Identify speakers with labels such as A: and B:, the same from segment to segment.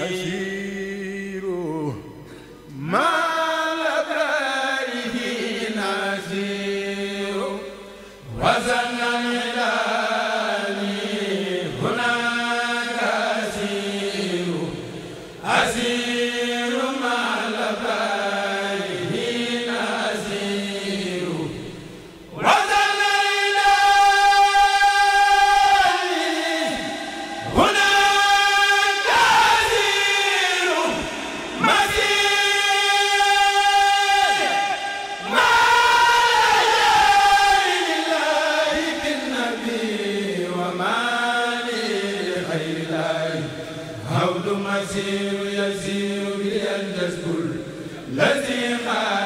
A: Aí.
B: الحول مسير يسير بي الجسد الذي خالق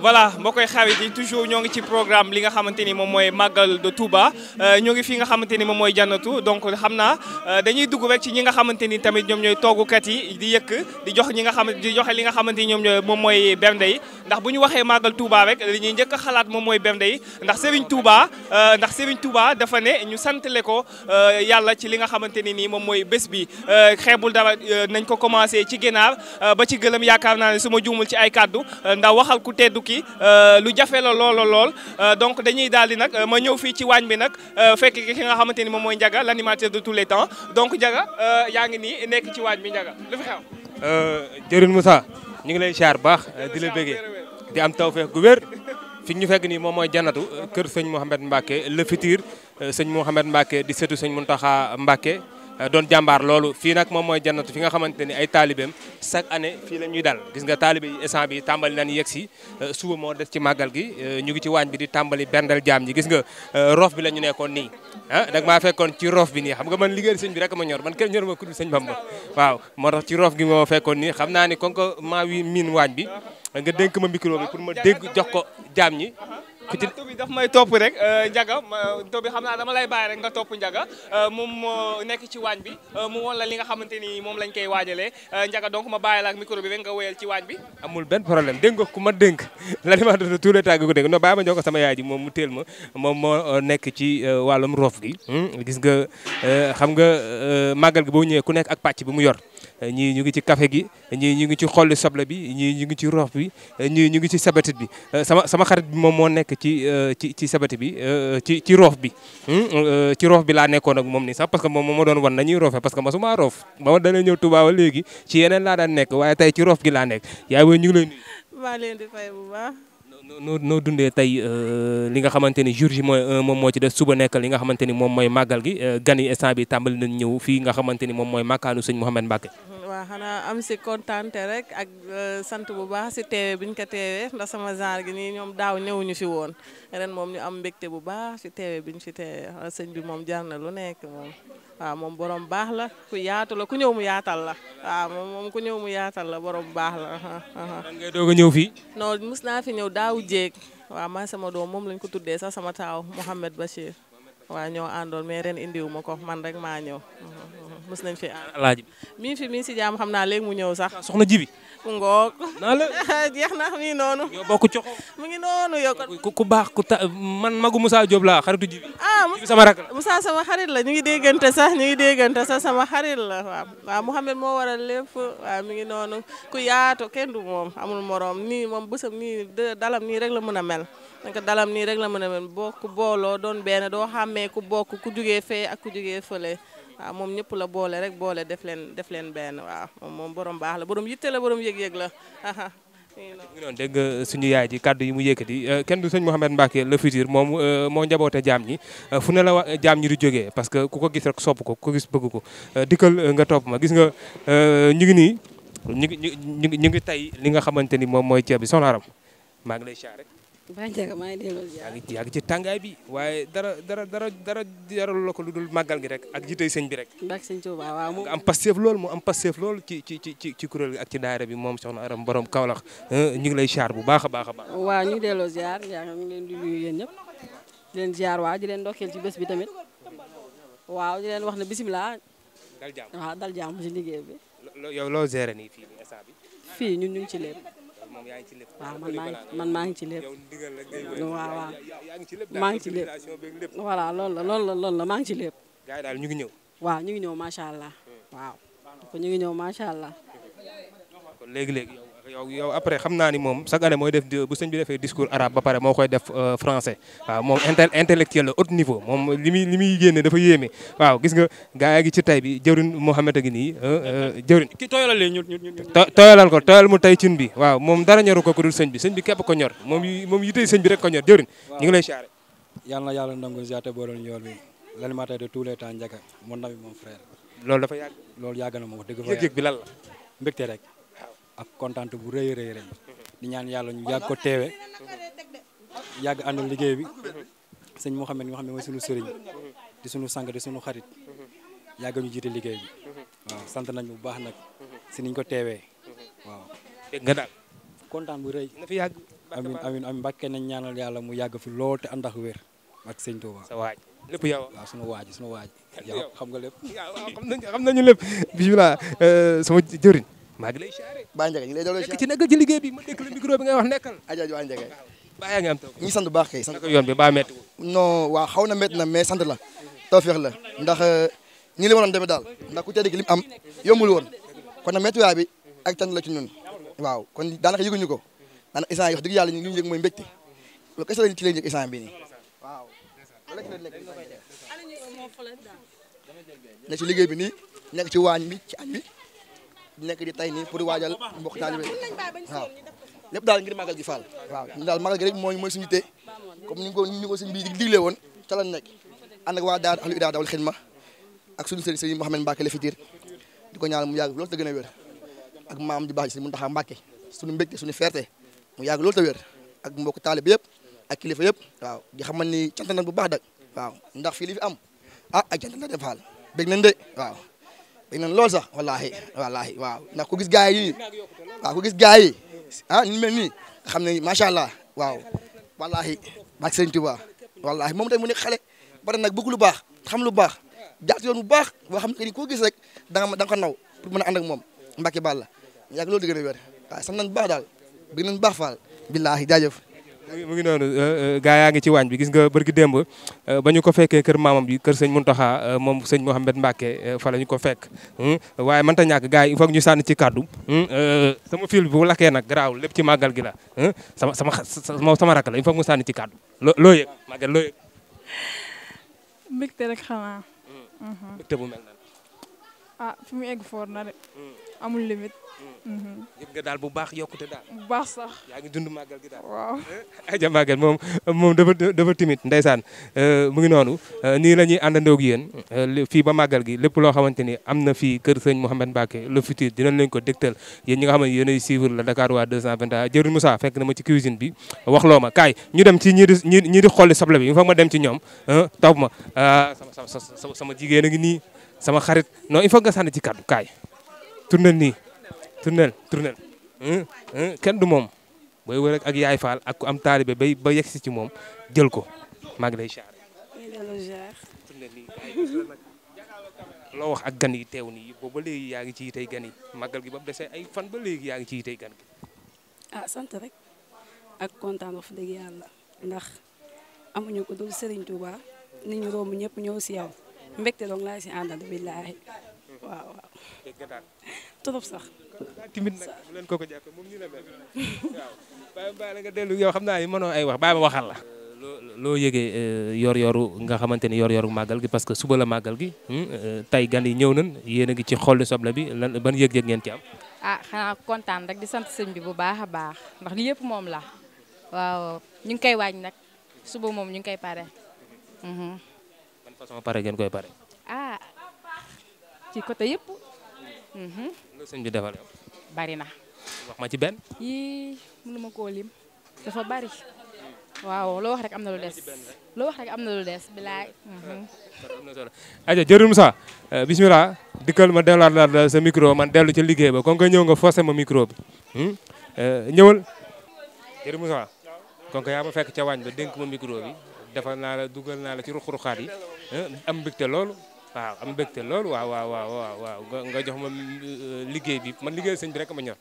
C: voilà mboo koy xarit yi toujours ñoo ngi ci programme li nga xamante ni moom mooy màggal de Touba euh, ñoo ngi fi nga xamante ni moom mooy jannatu donc xam naa euh, dañuy dugg rek ci ñi nga xamante ni tamit ñoom ñooy toogukat yi di yëkk di jox ñi nga xam di joxe li nga xamante ni ñoom ñooy moom mooy bernde yi ndax bu ñu waxee màggal Touba rek li ñuy njëkk a xalaat moom mooy bernde ndax Serigne Touba euh, ndax Serigne Touba dafa ne ñu santale ko yàlla ci li nga xamante ni nii moom mooy bés bi xeebul dara nañ ko commencé ci ginaar ba ci gëlëm yaakaar naa ne su ma ci ay kaddu ndax waxal ku teddu tukki euh, lu jafe la euh, donc dañuy daldi nak euh, ma ñëw fi ci wañ bi nag fekk ki nga xamanteni mom moy mooy Ndiaga l'animateur de tous les temps donc Ndiaga euh yaangi ni nek ci waañ bi Ndiaga lu fi
A: xew. Jërin Moussa ñu ngi lay xaar bax di la bëggee di am tawfeex gu wër fi ñu fekk ni mom moy jannatu kër sëñ Mohamed Mbacke le futur sëñ Mohamed Mbaké. di seetu sëñ Mountakha Mbaké. Euh, doon jàmbaar loolu fii nag moom mooy jannatu fi nga xamante ni ay taalibeem chaque année fii la ñuy dal gis nga taalibe yi bi tàmbali nañ yegg si euh, suba moo des ci màggal gi euh, ñu ngi ci waañ bi di tàmbali berndel jaam ñi gis nga roof bi la ñu nekkoon nii ah dag maa fekkoon ci roof bi nii xam nga man liggéeyal sëñ bi rek ma ñor man kenn ñor ma ku dul sëñ Bamba waaw moo tax ci roof gi moo fekkoon nii xam naa ni kon ko maa wi miin waañ bi nga dénk ma micro bi pour ma dégg jox ko jaam ñi xanaa tur bi daf may topp rek euh, Ndiaga tur bi xam dama lay bàyyi rek nga topp Ndiaga euh, moom moo
C: nekk ci waañ bi euh, mu woon la li nga xamante ni moom lañ koy waajalee Ndiaga donc ma bàyyi ak micro bi nga wéyal ci waañ bi.
A: amul benn problème dégg nga ku ma dénk l'animateur de tous les temps ko dégg non bàyyi ma jox ko sama yaay ji moom mu teel ma moom moo nekk ci wàllum roof gi. Hmm? gis nga xam nga màggal gi boo ñëwee ku nekk ak pàcc bi mu yor. ñii ñu ngi ci café gi ñii ñu ngi ci xolli soble bi ñii ñu ngi ci roof bi ñii ñu ngi ci sabatit bi euh, sama sama xarit moom moo nekk ci euh, ci ci sabatit bi euh, ci ci roof bi hmm? ci bi laa nekkoon ak moom ni sax parce que moom moo doon wan nañuy roofee parce que masuma roof ba ma dana ñëw Touba ba laa daan nekk waaye tey ci roof gi laa nekk yaay booy ñu ngi noo noo dundee tey euh, li nga xamante ni jour ji mooy euh, moom moo ci des suba nekk li nga xamante ni moom mooy màggal gi euh, gan yi instant bi tàmbali nañ ñëw fii nga xamante ni moom mooy màkkaanu sëñ Mouhamed Mbacke mm-hmm.
B: waaw xanaa am si kontaante rek ak euh, sant bu baax si teewe bi ñu ko teewee ndax sama genre gi nii ñoom daaw ñëwuñu fi woon ren moom ñu am mbégte bu baax si teewe bi ñu fi teewee sëñ bi moom jar na lu nekk moom waaw moom borom baax la ku yaatu la ku ñëw mu yaatal la waaw moom moom ku ñëw mu yaatal la borom baax la. lan ngay doog ñëw fii. non mus naa fi ñëw daaw jéeg waaw man sama doom moom lañ ko tuddee sax sama taaw Mouhamed Bachir. waaw ñoo àndoon mais ren indiwu ma ko man rek maa ñëw mës nañ fi ànd alaaji mi ngi fi mi si jaam xam naa léegi mu ñëw sax soxna jibi ku ngoog naa jeex na mi ngi noonu
A: bokk coxo mu
B: ngi noonu yow kon ku baax ku
A: ta man magu Moussa Diop laa xaritu jibi
B: ah sama rak la Moussa sama xarit la ñu ngi déggante sax ñu ngi déggante sax sama xarit la waaw waaw Mouhamed moo waral lépp waaw mi ngi noonu ku yaatu kenn du moom amul morom nii moom bësam nii dalam nii rek la mën a mel donc dalam nii rek la mën a mel bokk booloo doon benn amee ku bokk ku jugee fee ak ku jugee fële waaw moom ñëpp la boole rek boole def leen def leen benn waaw moom borom baax la borom yitte la borom yëg-yëg la.
A: ngi noonu dégg suñu yaay ji kàddu yi mu yëkkati euh, kenn du sëñ Mouhamed Mbacke la futur moom euh, moo njaboote jaam ñi euh, fu ne la wa jaam ñi di jógee parce que ku ko gis rek sopp ko ku ko gis bëgg ko dikkal nga topp ma gis nga ñu ngi nii ñu ngi ñu ngi tey li nga xamante ni moom mooy ceeb bi soxna Aram maa ngi lay siyaare rek
B: Ba Ndiaga maa ngi delloo ziar.
A: yaa ngi ci tàngaay bi waaye dara dara dara dara jarul la ko lu dul màggal gi rek ak jitey sëñ bi rek.
B: baax sëñ Tuuba waaw moom. nga
A: am pasteef lool mu am pasteef lool ci ci ci ci kuréel gi ak ci daayira bi moom soxna Aram borom Kaolack ñu ngi lay ziar bu baax a baax a baax.
B: waaw ñu ngi delloo ziar yaa ngi leen di nuyu yéen ñëpp di leen ziar waa di leen ndokkeel ci bés bi tamit waaw di leen wax ne bisimilah. dal jàmm waaw dal jàmm ci liggéey bi.
A: loo yow loo gérer nii fii nii instant bi.
B: fii ñun ñu ngi ci lépp
A: waaw man maa ngi man maa ngi ci lépp waaw waaw
B: maa ngi ci lépp voilà loolu la loolu la loolu la maa ngi ci lépp.
A: gars yi daal ñu ngi ñëw.
B: waaw ñu ngi ñëw macha allah. Hmm. waaw ñu ngi ñëw macha allah.
A: kon léegi léegi. yow yow après xam naa ni moom chaque année mooy def bu sëñ bi defee discours arabe ba pare moo koy def euh, français waaw moom intel intellectuel la haut niveau moom li muy li muy génne dafa yéeme waaw gis nga gaa yaa ci tay bi jëwriñ Mouhamed a ngi nii euh, euh, jëwriñ. ki tooyalal mu tay cin bi waaw moom dara ñoru ko ku dul sëñ bi sëñ ko ñor moom yi yi tey bi rek ko ñor jëwriñ. ñu ngi lay siyaare.
C: yal na yàlla nangu ziyaate booleel ñu yool na moom
A: wax
C: dëgg fa yàgg bi lan la mbégte ak kontaante bu rëy rëy rëy di ñaan yàlla ñu yàgg ko teewe yàgg àndal liggéey bi sëñ Mouhamed nga xam ne mooy sunu sëriñ di sunu sang di sunu xarit yàgg ñu jiite liggéey bi waaw sant nañ bu baax nag si niñ ko teewee waaw. dégg nga daal kontaan bu rëy. na fi yàgg amin amin amin mbàkke nañ ñaanal yàlla mu yàgg fi lool te ànd ak wér ak sëñ Touba. sa waaj lépp yow waaw sunu waaj sunu waaj. yow xam nga lépp.
A: xam nañu lépp bisimilah euh, sama jëriñ.
D: maa ngi lay siyaare Baye Ndiaga bi ma dégg la micro bi ngay wax nekkal aja Baye Ndiaga baa yaa ngi am taw ñu sant bu baax kay sant ko yoon bi baa métti non waaw xaw na métti na mais sant la tawfeex la ndax ñi euh, li waroon demee daal ndax ku tedd gi li mu am yombul woon kon nag méttiwaay bi ak tan la ci ñun waaw kon daanaka yëguñu ko daanaka instant yi wax dëgg yàlla ñu li ñu yëg mooy mbégte loolu bi nii waaw nekk ci liggéey bi nekk di tey nii pour waajal mbokk taalibe
B: waaw
D: lépp daal ngir gi faal waaw ñu daal màggal gi rek mooy mooy suñu té comme ñu ko ñu ko suñ bi digle woon ca la nekk ànd ak waa daar ahlu idaa dawal xidma ak suñu sëriñ sëriñ mu yàgg loolu te a wér ak maam ji baax ji sëriñ Mountakha mbokk taalibe yëpp ak kilifa yëpp waaw di xamal ni bu baax dak waaw ndax fii li fi am ah ak cant na faal bég de waaw dañ leen lool sax wallaahi wallaahi waaw ndax ko gis gars yi waaw ku gis gars yi ah, xam ne macha allah waaw wallaahi baax sëriñ Tuubaa wallaahi moom tamit mu nekk xale ba nag bëgg lu baax xam lu baax jaat yoon bu baax boo xam ne ni koo gis rek da nga da nga ko naw pour mën a ànd ak moom Mbàkke Bàlla yàgg loolu di gën a wér waaw sant nañ baax daal baax faal billaahi jaajëf
A: mu ngi noonu euh, euh, gaa yaa ngi ci waañ bi gis nga bërki démb euh, ba ñu ko fekkee kër maamam bi kër sëñ Muntaxa moom sëñ Mouhamed Mbacke fa la ñu ko fekk hmm? waaye mënta ñàkk gaa yi il ñu sànni ci kàddu hmm? sama fil bu lakkee nag garaawul lépp ci màggal gi la hmm? sama sama sama rakk la il foog mu sànni ci kàddu loo loo yëg màggal loo yëg
B: mbégte rek xanaa mhm. ah fi mu egg foor na de. Mm. amul mm. mm-hmm.
A: daal bu baax yokkute daal. bu baax sax. yaa ngi dund màggal gi daal. waaw. Eh, aja màggal moom moom dafa dafa timide ndeysaan eh, mu ngi noonu eh, nii la ñuy àndandoo ak yéen fii ba màggal gi lépp loo xamante ni am na fii kër sëñ Mouhamed Mbacké le futur dinañ leen ko dégtal yéen ñi nga xam ne yéenay suivre la Dakar waa 221 jërëjëf Moussa fekk na ma ci cuisine bi wax loo ma ñu dem ci ñi di ñi di xolli soble bi il faut ma dem ci ñoom topp ma ah, sama sama sama jigéen sama xarit non il faut nga sànni ci kàddu kaay tournel nii tournel tournel kenn du moom booy wër ak yaay faal ak ku am taalibe bay ba yegsi ci moom jël ko maa ngi lay xaar loo wax ak gan yi teew nii boobu ba léegi yaa ngi ci yitey gan yi màggal gi ba mu dese ay fan ba léegi yaa ngi ci yitey gan gi
D: ah sant rek ak kontaan wax dëgg yàlla ndax amuñu ko dul Serigne Touba nit ñu ñëpp ñëw si yow mbekté dong la ci andad billahi
A: waaw waaw. trop sax. timit nak bu len koko jappé mom ñu la mel. waaw baye baye la nga dellu yow xamna naa mëno ay wax baye ma waxal la. lo yëgee euh, yor-yoru nga xamanteni yor-yoru magal gi parce que suba la magal gi hmm, euh, tay gan yi ñëw nañ yéen gi ngi ci xolli sobla bi ban yëg-yëg ngeen ci am.
D: ah xana contane rek di sante señ bi bu baaxa baax ndax li yépp mom la waaw ñu ngi kay waaj nak suba mom ñu ngi koy pare. Mhm
A: sama paregan gue ya, pare.
D: Ah. Cikot aja iya, bu. Mhm.
A: Lu sen jeda pare. Bari na. ben?
D: Yi, mënuma mau lim. Dafa bari. wow lo harus rek amna lu dess. Lo wax rek amna lu Mhm.
A: Aja jadi sa. Eh, bismillah, dikal ma delaat la sa micro man delu ci liggéey ba kon nga ñew nga forcer ma micro bi. Hmm? Euh ñewul. Jeurum sa. nga ya ma fekk ci wañ ba denk ma micro bi. defal naa la dugal naa la ci ruq-ruqaat yi eh, am mbégte loolu waaw am mbégte loolu waaw waaw waaw waaw nga jox ma eh, liggéey bi man liggéey sëñ bi rek ma ñor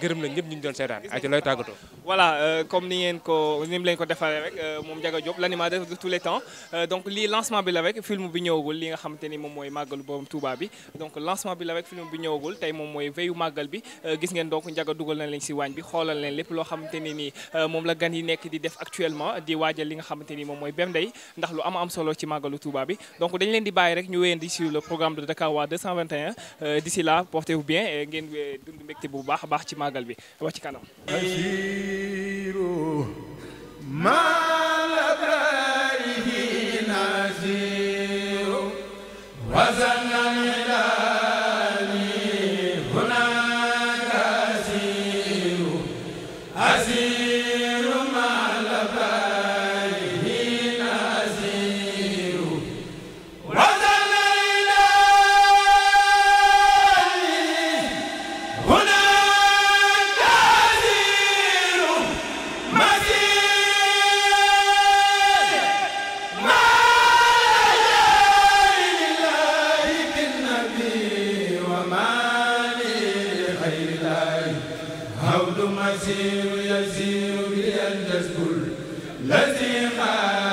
A: gërëm nañ ñëpp ñu ngi doon seetaan ayca lay tagato
C: voilà euh, comme ni ngeen ko ni mu ko defaree rek euh, mom jaga job l'animateur de tous les temps euh, donc li lancement bi la avec, film bi ñëwagul li nga xamanteni mom moy mooy bobu Touba bi donc lancement bi la avec, film bi ñëwagul tay mom moy veyu magal bi gis ngeen donc Ndiaga duggal na leen ci wañ bi xolal leen lepp lo xamanteni ni mom la gan yi nekk di def actuellement di waajal li nga xamanteni mom moy mooy bemdey ndax lu am am solo ci magalu Touba bi donc dañ leen di bàyyi rek ñu di sur le programme de Dakar Wa 221 d'ici là portez-vous bien ngeen dund mbégte bu baax wax ci màggal bi wax ci kanam
B: حول مسير يسير بأن تسكن الذي خالق